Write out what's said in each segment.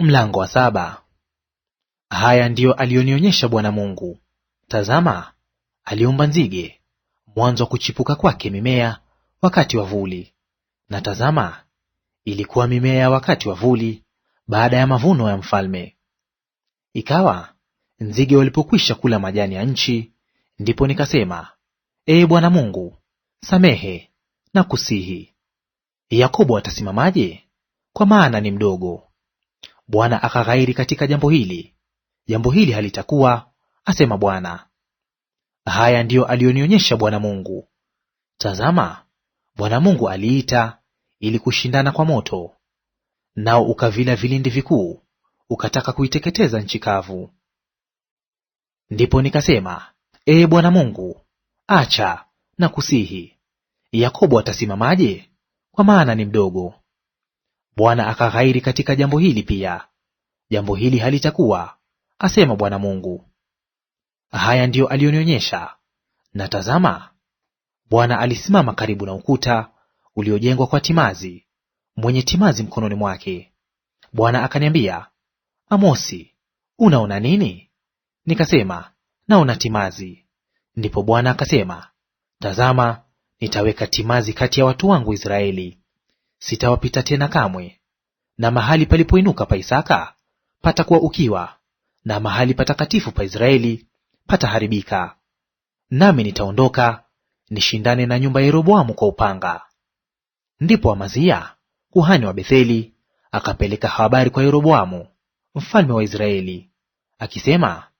Mlango wa saba. Haya ndiyo aliyonionyesha Bwana Mungu: Tazama, aliumba nzige mwanzo wa kuchipuka kwake mimea wakati wa vuli, na tazama, ilikuwa mimea wakati wa vuli baada ya mavuno ya mfalme. Ikawa nzige walipokwisha kula majani ya nchi, ndipo nikasema, Ee Bwana Mungu, samehe na kusihi, Yakobo atasimamaje? Kwa maana ni mdogo. Bwana akaghairi katika jambo hili; jambo hili halitakuwa, asema Bwana. Haya ndiyo aliyonionyesha Bwana Mungu. Tazama, Bwana Mungu aliita ili kushindana kwa moto, nao ukavila vilindi vikuu, ukataka kuiteketeza nchi kavu. Ndipo nikasema, Ee Bwana Mungu, acha na kusihi. Yakobo atasimamaje? Kwa maana ni mdogo. Bwana akaghairi katika jambo hili pia; jambo hili halitakuwa, asema Bwana Mungu. Haya ndiyo aliyonionyesha: na tazama, Bwana alisimama karibu na ukuta uliojengwa kwa timazi, mwenye timazi mkononi mwake. Bwana akaniambia, Amosi, unaona nini? Nikasema, naona timazi. Ndipo Bwana akasema, Tazama, nitaweka timazi kati ya watu wangu Israeli, sitawapita tena kamwe. Na mahali palipoinuka pa Isaka patakuwa ukiwa, na mahali patakatifu pa Israeli pataharibika. Nami nitaondoka nishindane na nyumba ya Yeroboamu kwa upanga. Ndipo Amazia kuhani wa Betheli akapeleka habari kwa Yeroboamu mfalme wa Israeli akisema,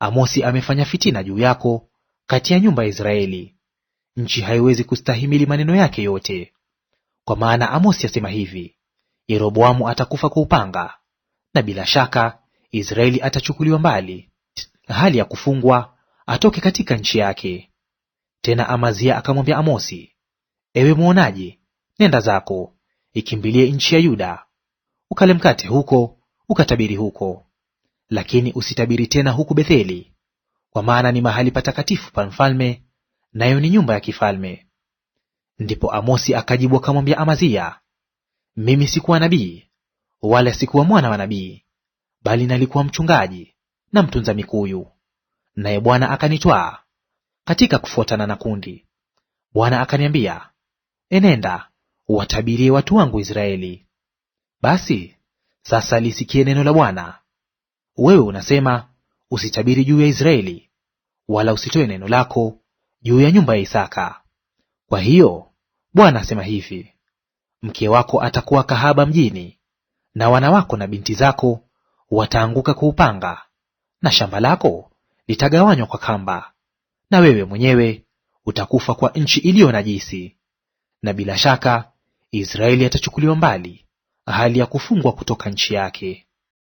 Amosi amefanya fitina juu yako kati ya nyumba ya Israeli; nchi haiwezi kustahimili maneno yake yote. Kwa maana Amosi asema hivi, Yeroboamu atakufa kwa upanga, na bila shaka Israeli atachukuliwa mbali, hali ya kufungwa, atoke katika nchi yake. Tena Amazia akamwambia Amosi, ewe mwonaji, nenda zako, ikimbilie nchi ya Yuda, ukale mkate huko, ukatabiri huko. Lakini usitabiri tena huku Betheli, kwa maana ni mahali patakatifu pa mfalme, nayo ni nyumba ya kifalme. Ndipo Amosi akajibu akamwambia Amazia, mimi sikuwa nabii, wala sikuwa mwana wa nabii, bali nalikuwa mchungaji na mtunza mikuyu. Naye Bwana akanitwaa katika kufuatana na kundi. Bwana akaniambia, enenda watabirie watu wangu Israeli. Basi sasa lisikie neno la Bwana. Wewe unasema, usitabiri juu ya Israeli, wala usitoe neno lako juu ya nyumba ya Isaka. Kwa hiyo Bwana asema hivi, mke wako atakuwa kahaba mjini, na wana wako na binti zako wataanguka kwa upanga, na shamba lako litagawanywa kwa kamba, na wewe mwenyewe utakufa kwa nchi iliyo najisi. Na bila shaka Israeli atachukuliwa mbali hali ya kufungwa kutoka nchi yake.